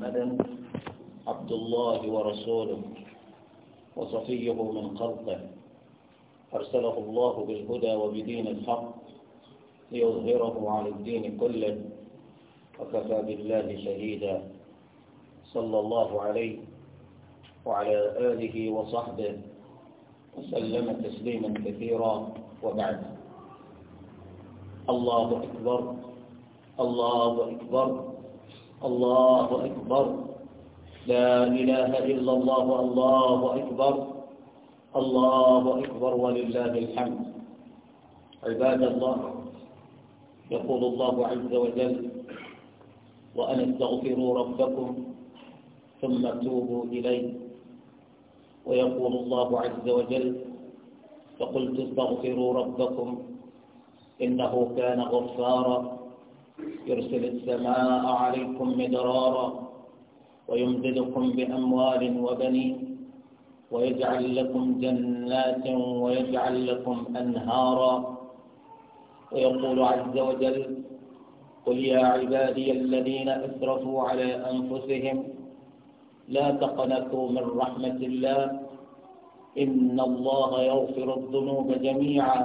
محمدا عبد الله ورسوله وصفيه من خلقه أرسله الله بالهدى وبدين الحق ليظهره على الدين كله وكفى بالله شهيدا صلى الله عليه وعلى آله وصحبه وسلم تسليما كثيرا وبعد الله أكبر الله أكبر الله أكبر لا إله إلا الله الله أكبر الله أكبر ولله الحمد عباد الله يقول الله عز وجل وأن استغفروا ربكم ثم توبوا إليه ويقول الله عز وجل فقلت استغفروا ربكم إنه كان غفارا يرسل السماء عليكم مدرارا ويمددكم بأموال وبنين ويجعل لكم جنات ويجعل لكم أنهارا ويقول عز وجل قل يا عبادي الذين أسرفوا على أنفسهم لا تقنطوا من رحمة الله إن الله يغفر الذنوب جميعا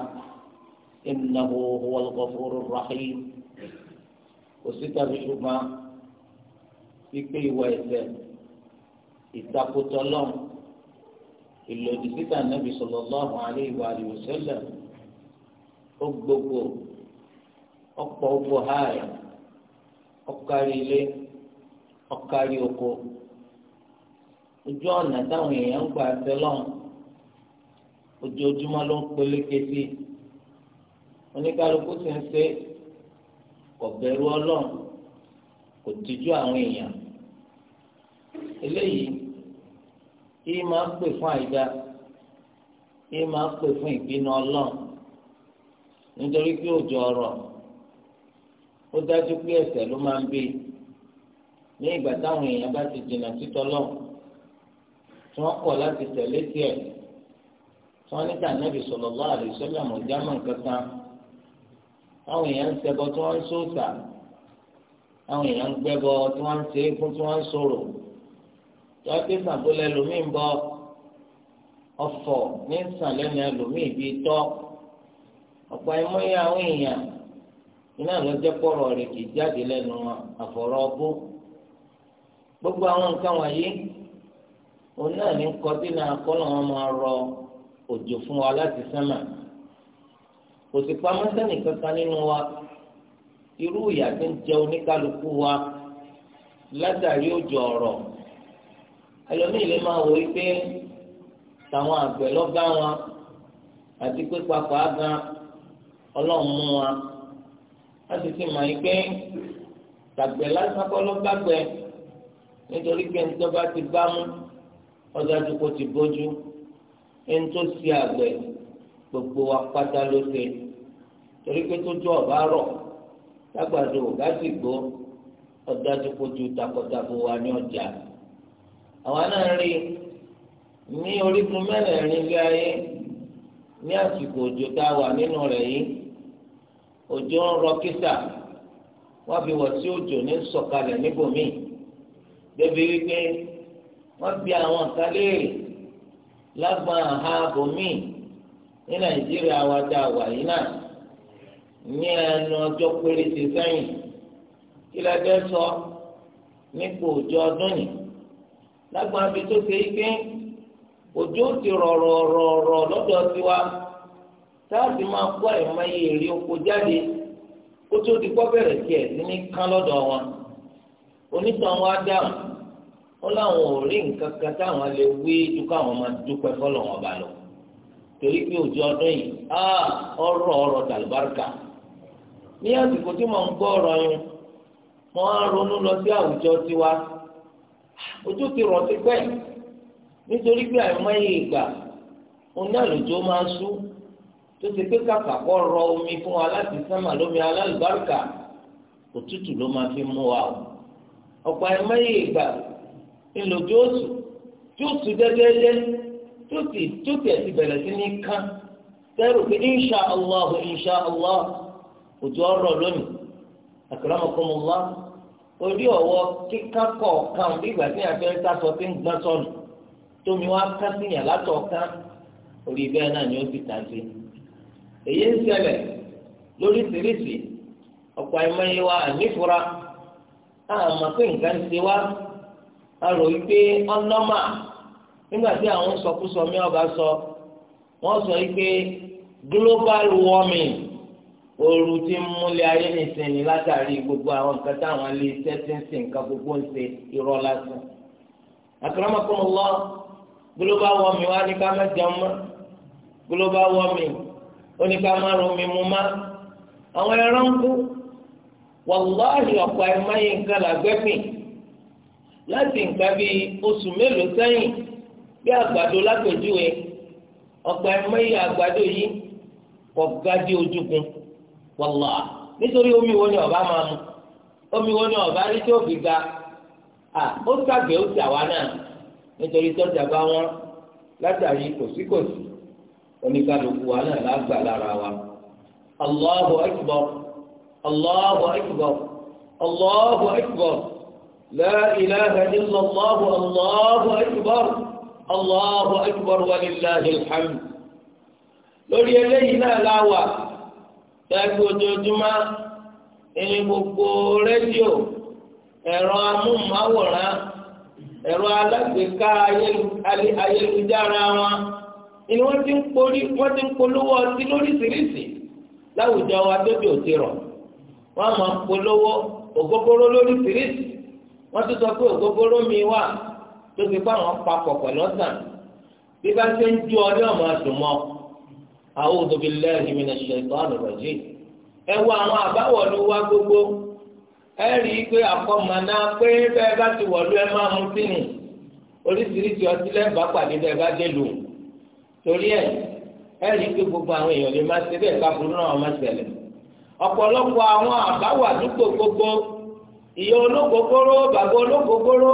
إنه هو الغفور الرحيم kò sí tàbí ṣùgbọ́n pípé ìwà ẹ̀ṣẹ̀ ìtakùtọ̀ lọ́n ìlòdì síta nàbì sallallahu alaihi wa alihi wasallam ó gbogbo ọ̀pọ̀ ọgbọ hàì ọkàrí ilé ọkàrí oko ojú ọ̀nà táwọn èèyàn ń gbà tẹ́lọ̀n ojoojúmọ́ ló ń peléke sí oníkálukú sì ń ṣe é. kò bẹ̀rù ọlọ́run kò tijú àwọn èèyàn eléyìí yìí máa ń pè fún àyíká yìí máa ń pè fún ìpinnu ọlọ́run nítorí pé òjò ọ̀rọ̀ ó dájú pé ẹ̀ṣẹ̀ ló máa ń bí ní ìgbà táwọn èèyàn bá ti jìnnà títọ́ lọ́hùn tí wọ́n kọ̀ láti tẹ̀lé tiẹ̀ tí wọ́n níta nẹ́bí sallallahu alaihi wasallam jámọ̀ kankan. àwọn èèyàn ń ṣẹbọ tí wọ́n ń sòòṣà àwọn èèyàn ń gbẹ́bọ tí wọ́n ń fún tí wọ́n ń sòrò yọ ti sàbó lẹlòmíì ń bọ ọ̀fọ̀ ní ní tọ ọ̀pọ̀ ẹmọye àwọn èèyàn iná ló jẹ pọrọ jáde ọbú gbogbo àwọn nǹkan òun náà ní kọtí náà kọ́ rọ òjò fún wa láti sánmà. kò sì pamọ́ sẹ́nì kankan nínú wa irú ìyà tó ń jẹ oníkálukú wa látàrí òjò ọ̀rọ̀ ẹlòmíì lè máa wò ó pé tàwọn àgbẹ̀ lọ́gá wọn àti pé papọ̀ ága ọlọ́run mú wa láti fi mọ̀ pé tàgbẹ̀ lásán kọ́ ló nítorí pé nítorí ti bá mú ọjà kò ti bójú ẹni tó ṣe àgbẹ̀ gbogbo wa pátá ló ṣe torí pé tójú ọba rọ̀ lágbàdo ọ̀gá sì gbó ọjà tó kojú takọtabo wa ní ọjà àwa náà rí ní orígun mẹ́rẹ̀ẹ̀rin ilé ayé ní àsìkò òjò tá a wà nínú rẹ̀ yìí òjò ń rọ kísà wọ́n fi wọ̀ sí òjò ní sọ̀kalẹ̀ níbòmíì débi wípé wọ́n fi àwọn kan léèrè lágbọn àha ní nàìjíríà wa wà yìí náà. ní ẹnu ọjọ́ péréte sẹ́yìn kí lẹ fẹ́ sọ òjò ọdún yìí lágbọn tó ṣe ike òjò ti rọ̀rọ̀ rọ̀rọ̀ lọ́dọ̀ tiwa táàbì máa kó àìmọye èrè oko jáde kó tó ti kọ́ bẹ̀rẹ̀ tiẹ̀ sí ní kán lọ́dọ̀ wọn onítàn wa láwọn ò rí nǹkan kan táwọn lè wí ju káwọn máa dúpẹ́ bá lọ torí pé òjò ọdún yìí ah, ní àsìkò tí mò ń gbọ́ ọ̀rọ̀ yẹn mo á ronú lọ sí àwùjọ tiwa ojú ti rọ̀ sí pẹ́ nítorí pé àìmọye ìgbà òun náà lòjó máa sú tó ti pé kàkà kọ́ rọ omi fún wa láti sánmà lómi alálùbáríkà òtútù ló máa fi mú wa o ọ̀pọ̀ àìmọye ìgbà ńlòjó sùn tí ó sùn dẹ́gẹ́dẹ́ tó ti tó ti ẹ̀ ti bẹ̀rẹ̀ sí ní kán tẹ́rù òjò ọ̀rọ̀ lónìí àkàràmọ̀kọ́mọ́lá orí ọ̀wọ́ kíkà kọ̀ọ̀kan bí ìgbà tí yàn fẹ́ sásọ tí ń gbọ́n sọ̀nù tómi wá ká sí yàn látọ̀ọ̀kan orí bẹ́ẹ̀ náà ni ó ti tà sí. èyí ń wa ànífura àmọ́ pé nǹkan ṣe wá arò wípé ọlọ́mà nígbà tí àwọn sọkúsọ mi ọba sọ wọ́n sọ wípé global warming ooru tí ń múlẹ̀ ayé nìsín látàrí gbogbo àwọn nǹkan táwọn ilé iṣẹ́ ti ń sìn nǹkan gbogbo ń ṣe irọ́ lásán. akramakumullah gbólóbá wọ wá ní ká má jẹun mọ́ gbólóbá wọ ó ní ká má ro mu àwọn ẹran ń kú wàláhì ọ̀pọ̀ nǹkan làgbẹ́pìn láti nǹkan bíi oṣù mélòó wàllá nítorí omi wo ni ọba máa mu omi wo ni ọba rí tí ó fi ga à ó sàgbé ó sì àwa náà nítorí tọ́jà bá wọn látàrí kòsíkòsí oníkàlùkù wa náà lágbà lára wa Allahu akbar Allahu akbar Allahu akbar la ilaha illa Allah Allahu akbar Allahu akbar wa lillahi alhamd lórí eléyìí náà láwà. tẹ́gbẹ́ ojoojúmọ́ ẹni gbogbo rédíò ẹ̀rọ amóhùnmáwòrán ẹ̀rọ alágbèéká ayélujára wọn ni wọ́n ti ń porí wọ́n ti ń polówó ọtí lóríṣiríṣi láwùjọ wa òtí rọ̀ wọ́n máa ń polówó ògógóró lóríṣiríṣi wọ́n ti sọ pé mi wà a'udhu billahi minash shaitanir rajim ẹ wo àwọn àbáwọlú wa gbogbo ẹ rí i pé àkọ́mọ̀nà pé bẹ́ẹ̀ bá ti wọ̀lú ẹ máa mú sínú oríṣiríṣi ọtí lẹ́ẹ̀bá pàdé bẹ́ẹ̀ bá dé lò torí ẹ gbogbo àwọn èèyàn lè má ṣe bẹ́ẹ̀ káfíńtì náà ṣẹlẹ̀ ọ̀pọ̀lọpọ̀ gbogbo ìyá olókòkòrò bàbá olókòkòrò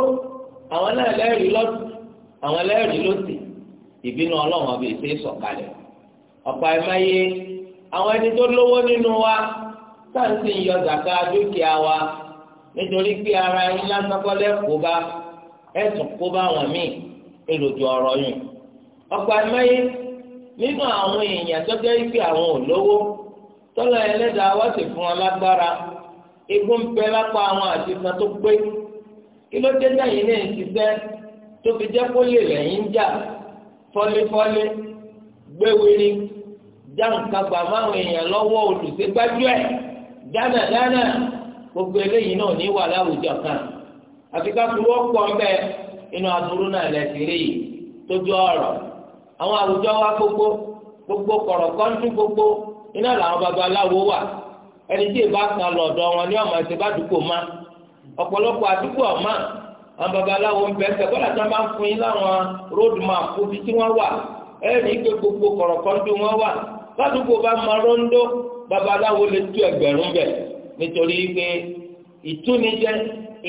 àwọn náà lẹ́rìí àwọn lẹ́rìí ìbínú ọlọ́run ọ̀pọ̀ àìmáyé àwọn ẹni tó lówó nínú wa sáǹsì ń yọ zàká dúkìá wa nítorí pé ara yín lásánkọ́lẹ́ kó bá ẹ̀sùn kó bá wọn míì èlòjù ọ̀rọ̀ yìí ọ̀pọ̀ àìmáyé nínú àwọn èèyàn tó jẹ́ pé àwọn ò lówó ẹlẹ́dàá wá sì fún wọn lágbára ń bẹ lápá àwọn àtìsàn tó pé kí ló dé gbẹwìrì jáǹkagbà máwọn èèyàn lọ́wọ́ olùṣègbájú ẹ̀ dánadáná gbogbo eléyìí náà ní wà láwùjọ kan àfi ká fi wọ́pọ̀ ń inú aburú náà lẹ́sìn yìí tójú ọ̀rọ̀ àwọn àwùjọ wa gbogbo gbogbo kọ̀rọ̀ kọ́ńtù gbogbo iná làwọn babaláwo wà ẹni tí ìbá kan lọ́dọ̀ wọn ma àdúgbò àwọn babaláwo ń tí bá ń fún yín láwọn ẹ̀rí pé gbogbo kọ̀rọ̀kọ́ndù wọn wà ládùúgbò bá máa rọ́ńdó babaláwo lè tú ẹgbẹ̀rún bẹ̀ nítorí pé ìtúnijẹ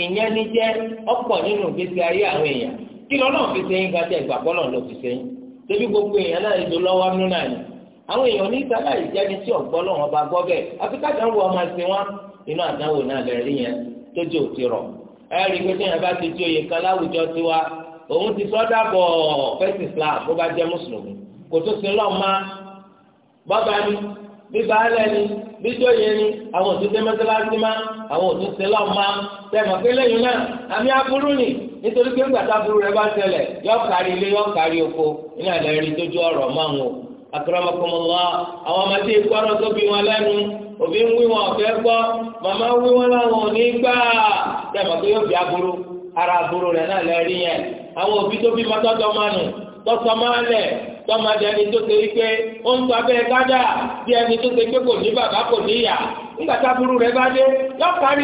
ìyẹnijẹ ọ̀pọ̀ nínú ìgbésí ayé àwọn èèyàn kí lọ́nà fi sẹ́yìn gàtẹ́ ìgbàgbọ́ náà ló fi sẹ́yìn débi gbogbo èèyàn náà èdè lọ́wọ́ nínú náà ni àwọn èèyàn ní sábà ìjẹni tí ọ̀gbọ́ lọ́wọ́ bá gbọ́ bẹ́ẹ̀ ọmọ ẹ̀sìn wọn inú náà lẹ́rìí yẹn òtí rọ̀ ẹ̀rí òun ti sọ́dà bọ̀ fẹ́sì islam bó bá jẹ́ mùsùlùmí kò tó sin lọ́ọ̀ máa bọ́ba ni bíbá lẹ́ni bíjọ́yẹ ni àwọn òtútẹ́ mọ́sálásí máa àwọn òtútẹ́ lọ́ọ̀ máa tẹ̀mọ̀ pé lẹ́yìn náà àmì aburú ni nítorí pé gbàtà rẹ bá ṣẹlẹ̀ yọ kárí ilé yọ kárí oko ní àlẹ́ rí tójú ọ̀rọ̀ máa ń wò akramakumullah àwọn ọmọdé ikú ọ̀rọ̀ tóbi wọn lẹ́nu òbí ń wí wọn màmá wí wọn láwọn ò ní gbà pé yóò ara aburú rẹ náà àwọn òbí tó bí mọ́tọ́tọ́ mánu tọ́sọ máa lẹ̀ tọ́mọdé ẹni tó ṣe wípé ó ń sọ abẹ́ gádà bí ẹni tó ṣe pé kò ní bàbá kò ní ìyá nígbà bá dé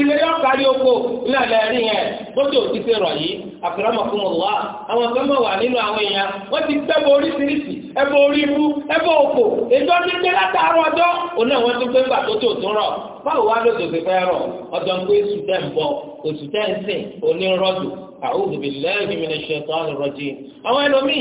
ilé lọ́kàrí oko nílẹ̀ rí yẹn bójú òtí ṣe rọ̀ yìí àfẹ́rọ́mọ̀ fún wọn wá àwọn mọ̀ wà nínú àwọn èèyàn wọ́n ti oríṣiríṣi orí ibú òkò ètò ọdún látàárọ̀ ọjọ́ òun náà wọ́n ti pé a'udhu billahi minash shaitani rajim àwọn ẹlòmíì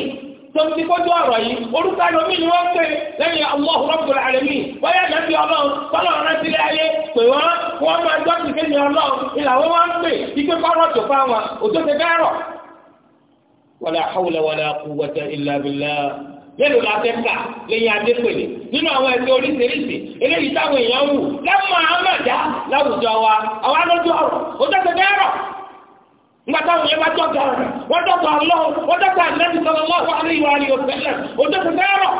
tọ́mù ti kọjú ọ̀rọ̀ yìí orúkọ ẹlòmíì ni wọ́n pè lẹ́yìn Allahu Rabbul Alamin bóyá nàbí ọlọ́run tọ́lọ́run rántí lé ayé pé wọ́n wọ́n máa gbọ́ sí kéde ọlọ́run ìlà wọ́n wá ń pè ike kọ́rọ̀ tó fún àwọn òjò ti bẹ́ẹ̀ rọ̀. wala hawla wala quwwata illa billah mélòó la fẹ́ kà lẹ́yìn adépèlé nínú àwọn ẹgbẹ́ oríṣiríṣi eléyìí táwọn èèyàn wù lẹ́mọ̀ àmàjá láwùjọ wa àwọn alójú ọ̀rọ̀ òjò ti bẹ́ẹ̀ wá dọ́gba rẹ̀ wọ́n dọ́gba lọ́wọ́ wọ́n dọ́gba àlẹ́bí sọ̀rọ̀ lọ́wọ́ àríwá àríwá òṣèlè òjòkè dárọ̀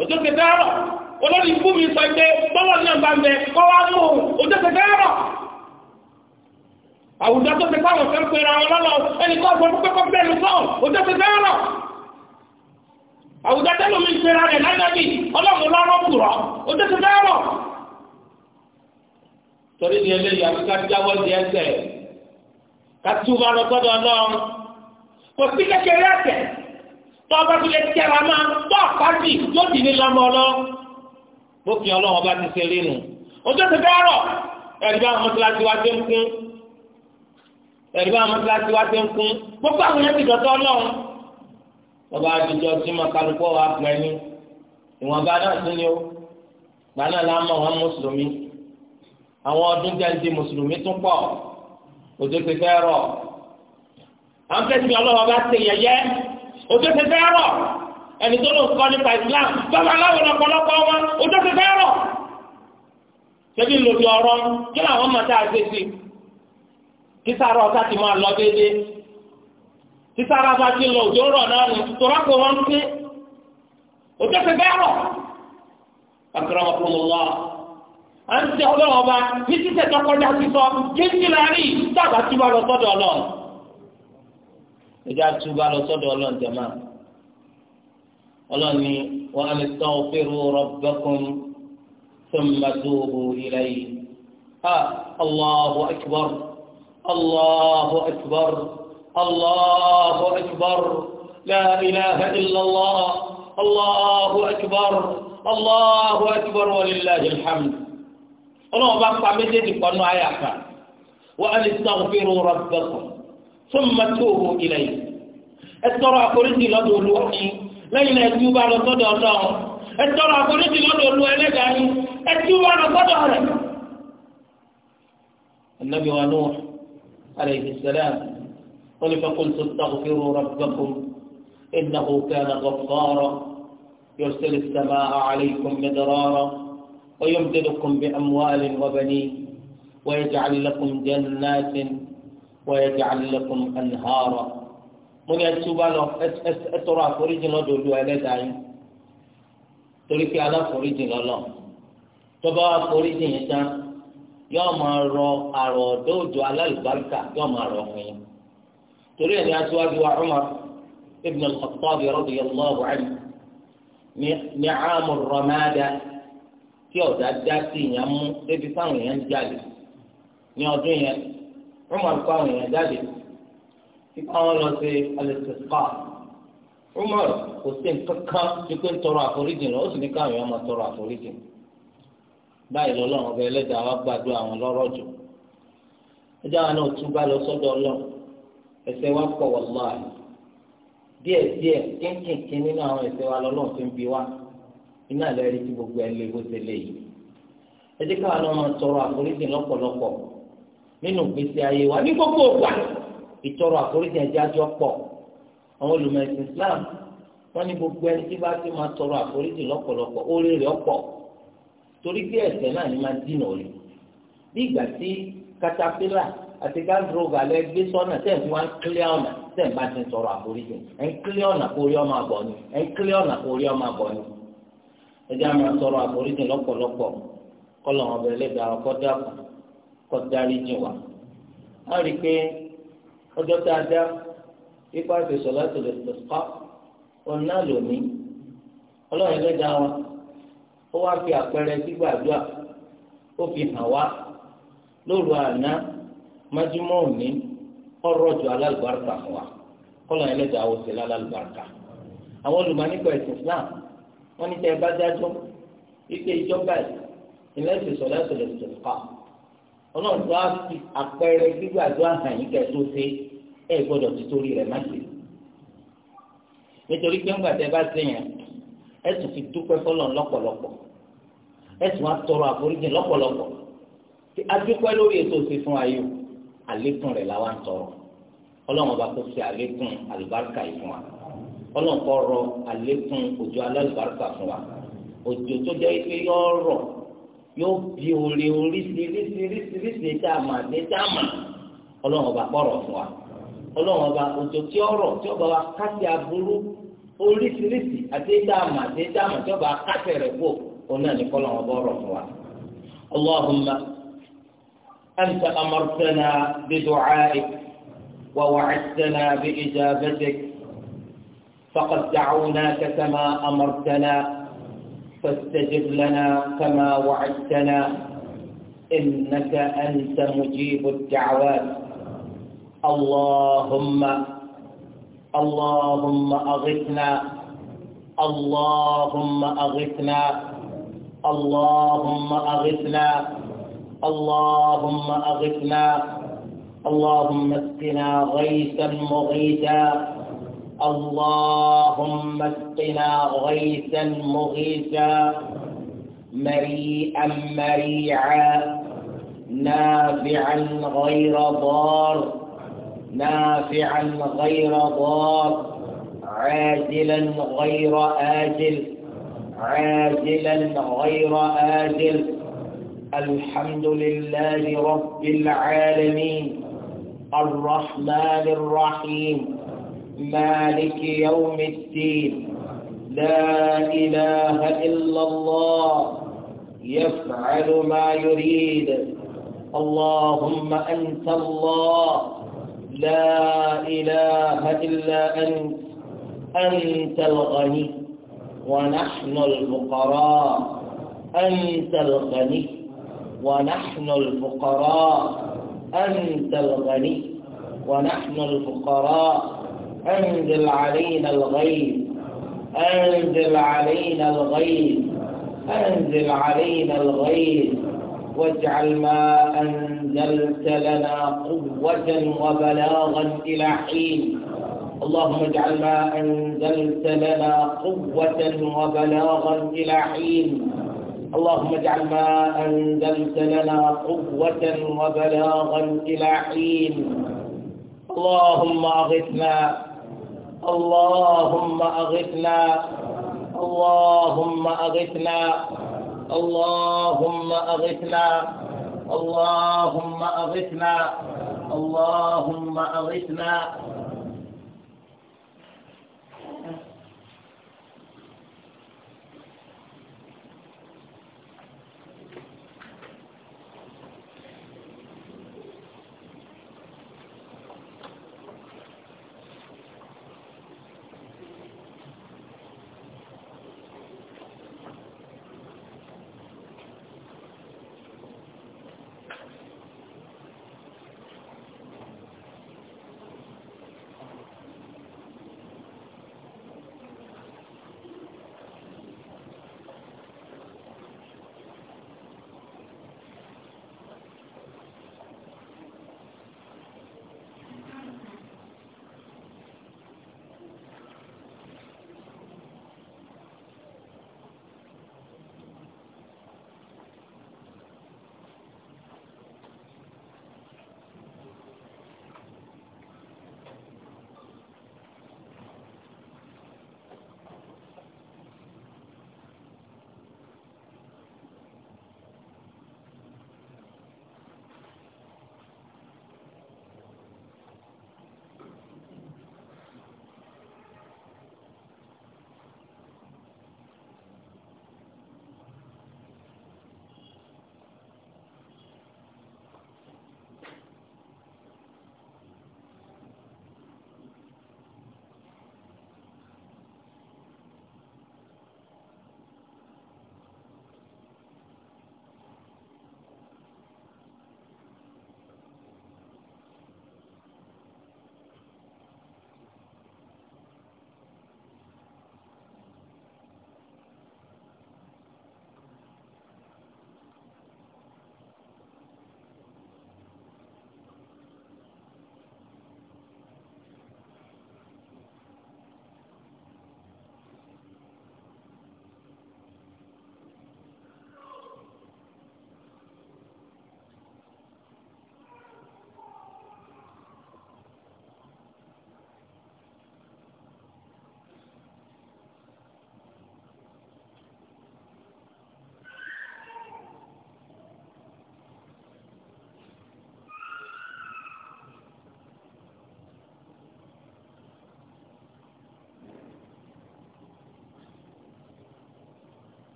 òjòkè dárọ̀ olórí ikú mi sọ pé bọ́wọ́ náà bá mẹ́ kọ́ wá mú òjòkè dárọ̀ àwùjọ tó ti káwọn fẹ́ pera ọlọ́lọ́ ẹnì kan gbọ́dọ̀ pẹ́pẹ́ bẹ́ẹ̀ lọ́wọ́ òjòkè dárọ̀ àwùjọ tẹ́lẹ̀ mi pera rẹ̀ lánàbì ọlọ́run lọ́rọ́ kùrọ̀ òjòkè dárọ̀ torí ni eléyìí àti ká jáwọ́ di ẹsẹ̀ kàtúbà lọ́gbọ́dọ̀ ọlọ́run kò sí kékeré ẹ̀sẹ̀ tó ọba tó lè tẹ́ra máa tó àpájì yóò dì ní lọ́mọ ọlọ́ bófin ọlọ́run ọba ti ṣe rí nu ojú ti dárọ̀ ẹ̀rí bá àwọn mọ́tíláṣí wá dé ń kún ẹ̀rí bá àwọn mọ́tíláṣí wá dé ń kún gbogbo àwọn yẹn ti dọ̀tọ́ ọlọ́run ọba àdìjọ tí mo kálukọ́ wa pẹ́ ní ìwọ̀nba náà tún ni ó gbaná la mọ̀ wọn mùsùlùmí àwọn ọdún jẹ́ ń di mùsùlùmí tún pọ̀ òjò ti fẹ́ rọ̀ àwọn kẹ́sìmí ọlọ́wọ́ bá ti yẹyẹ òjò ti fẹ́ rọ̀ ẹni tó ló ń kọ́ nípa Islam bàbá aláwọ̀ lọ́pọ̀lọpọ̀ wọn òjò ti fẹ́ rọ̀ ṣebí lòdì ọ̀rọ̀ kí làwọn máa tá a ṣe sí kí sára ọ̀tá ti máa lọ déédéé kí sára bá ti lọ òjò rọ̀ náà nù tòrọ́ pé wọ́n ń pé òjò fẹ́ rọ̀ akọ̀rọ̀ ọ̀pọ̀lọpọ̀ a ń tẹ ọlọ́run ọba ní títẹ̀ tó kọjá sísọ kéjì láàrin tàbá túbà lọ sọ́dọ̀ ọlọ́run ẹjá túbà lọ sọ́dọ̀ ọlọ́run jẹ́ máa ọlọ́run ni wọ́n á lè tọ́ fẹ́rù rabbakum thumma tubu ilayhi ha Allahu akbar Allahu akbar Allahu akbar la ilaha illallah Allahu akbar Allahu akbar wa lillahi alhamd. ọlọ́run bá pa méjèèjì pọnú àyà kan wa anistaghfiru rabbakum thumma ilẹ̀ yìí ẹ tọrọ àforíjì lọ́dọ̀ olúwa yín lẹ́yìn náà ẹ ẹtú bá lọ sọ́dọ̀ ọ̀hún ẹ tọrọ àforíjì lọ́dọ̀ olúwa ẹlẹ́dàá ẹ ẹtú bá lọ sọ́dọ̀ rẹ̀. النبي wa nù السلام قال فقلت استغفروا ربكم إنه كان غفارا يرسل السماء ويمددكم بأموال وبنين ويجعل لكم جنات ويجعل لكم أنهارا من يتوبى له أترى فريج لدول ولدعي torípé aláforíjì lọlọ tọba aforíjì yẹn tán yóò máa rọ àrò ọdọọdọ alálùbáríkà yóò máa rọ fún yín torí ẹni aṣáájú wa Umar ibn al-Khattab radiyallahu anhu ní ní àmú ramada tí ọ̀dà dá sí ìyàn mú débi fáwọn èèyàn jáde ní ọdún yẹn wọ́n máa kó àwọn èèyàn jáde nípa wọn lọ sí alẹ́sẹ̀fà wọ́n máa kò sí nǹkan kan ju pé ń tọrọ àforíjì lọ ó sì ní káwọn èèyàn máa tọrọ àforíjì báyìí lọ́lọ́run ọba ẹlẹ́dàá wa gbàdúrà àwọn lọ́rọ̀ jù ẹjọ́ àwọn náà tún bá lọ sọ́dọ̀ ọlọ́run ẹ̀ṣẹ̀ wa pọ̀ wọ́n lọ́ọ̀ díẹ̀ díẹ̀ kínkìnkín nínú àwọn ẹ̀ṣẹ̀ wa lọ́lọ́run iná lẹ́rìí tí gbogbo ẹ lé bó ṣe lé yìí ẹ tọrọ àforíjì lọpọlọpọ nínú ìgbésí ayé wa ní gbogbo ògbà ìtọrọ àforíjì ẹ̀jẹ̀ àjọ pọ̀ àwọn olùmọ̀ẹ̀sìn Islam wọ́n ní gbogbo ẹni tí bá tọrọ àforíjì lọpọlọpọ orí rẹ̀ ọpọ torí bí náà ni máa dínà bí katapila àti gandrova lẹ gbé fi wá ń bá ti tọrọ àforíjì ń ẹjẹ máa sọ̀rọ̀ àforíjì lọ́pọ̀lọpọ̀ kọlọ ọbẹ Ẹlẹ́dàá ọkọ dàpọ kọ dáríjì wá a rí i pé ọjọ́ tá a dá ipa ìfẹsọ láti lè tẹsán òun náà lòní Ọlọ́run Ẹlẹ́dàá wa ó wá fi àpẹẹrẹ gbígbàdúrà ó fi hàn wá lóru àná májúmọ́ òní ọ̀rọ̀ ju wa kọlọ Ẹlẹ́dàá wo sí lálùbáríkà àwọn olùmọ̀ nípa ẹ̀sìn Islam wọ́n ní tẹ́ ẹ bá dájọ́ wípé ìjọba ìlẹ́sìn sọ̀lá sọ̀lá sọ̀lá pa ọlọ́run tó á fi àpẹẹrẹ gbígbàdúrà hàn yín kẹ́ tó ṣe ẹ gbọ́dọ̀ ti torí rẹ̀ má ṣe nítorí pé ńgbà tẹ́ bá ṣe yẹn ẹ tún fi dúpẹ́ fọlọ́n lọ́pọ̀lọpọ̀ ẹ tún á tọrọ àforíjì lọ́pọ̀lọpọ̀ tí a dúpẹ́ lórí ètò òsè fún ayé àlékún rẹ̀ làwa ń tọrọ ọlọ́run ọba kò ṣe àlékún àlùbáríkà yìí fún wa ọlọ́nkọ́ rọ àlékún òjò alálùbáríkà fún wa òjò tó jẹ́ pé yóò rọ̀ yóò bí orí oríṣiríṣiríṣiríṣi tá a mà dé tá a mà ọlọ́run ọba kọ̀rọ̀ fún wa ọlọ́run ọba òjò tí ó rọ̀ tí ó wa kásì aburú oríṣiríṣi àti tá a mà dé tá a mà tí ó kásì rẹ̀ kó òun náà ní kọ́lọ́run ọba rọ̀ fún wa. اللهم أنت أمرتنا بدعائك ووعدتنا بإجابتك فقد دعوناك كما أمرتنا فاستجب لنا كما وعدتنا إنك أنت مجيب الدعوات اللهم اللهم أغثنا اللهم أغثنا اللهم أغثنا اللهم أغثنا اللهم اسقنا غيثا مغيثا اللهم اسقنا غيثا مغيثا مريئا مريعا نافعا غير ضار نافعا غير ضار عاجلا غير آجل عاجلا غير آجل الحمد لله رب العالمين الرحمن الرحيم مالك يوم الدين لا إله إلا الله يفعل ما يريد اللهم أنت الله لا إله إلا أنت أنت الغني ونحن الفقراء أنت الغني ونحن الفقراء أنت الغني ونحن الفقراء أنزل علينا الغيث أنزل علينا الغيث أنزل علينا الغيث واجعل ما أنزلت لنا قوة وبلاغا إلى حين اللهم اجعل ما أنزلت لنا قوة وبلاغا إلى حين اللهم اجعل ما أنزلت لنا قوة وبلاغا إلى حين اللهم أغثنا اللهم أغثنا اللهم أغثنا اللهم أغثنا اللهم أغثنا اللهم أغثنا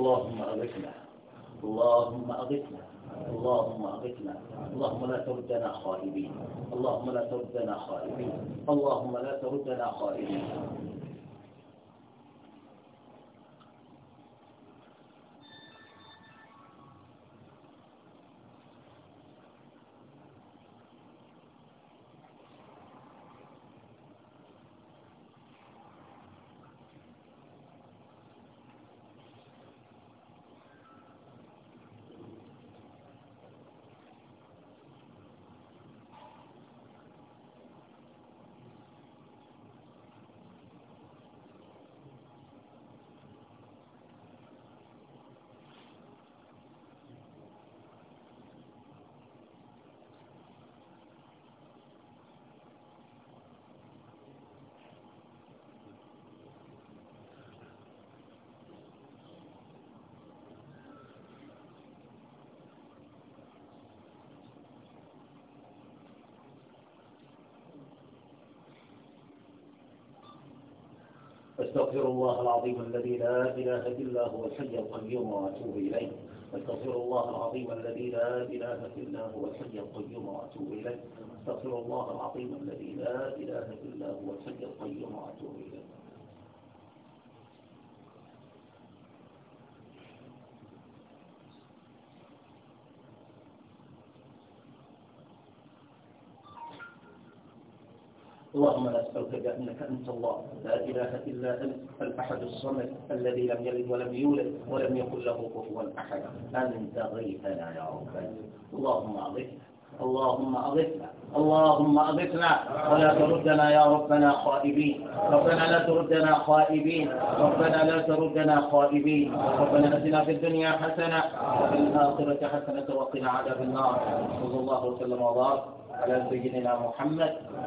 اللهم أغثنا اللهم أغثنا اللهم أغثنا اللهم لا تردنا خائبين اللهم لا تردنا خائبين اللهم لا تردنا خائبين أستغفر الله العظيم الذي لا إله إلا هو الحي القيوم وأتوب إليه أستغفر الله العظيم الذي لا إله إلا هو الحي القيوم وأتوب إليه أستغفر الله العظيم الذي لا إله إلا هو الحي القيوم وأتوب إليه اللهم نستودع انك انت الله لا اله الا انت الاحد الصمد الذي لم يلد ولم يولد ولم يكن له كفوا احد انت غيثنا يا رب اللهم اغثنا اللهم أغثنا اللهم أغثنا ولا تردنا يا ربنا خائبين ربنا لا تردنا خائبين ربنا لا تردنا خائبين ربنا أتنا في الدنيا حسنة وفي الآخرة حسنة وقنا عذاب النار صلى الله وسلم وبارك على سيدنا محمد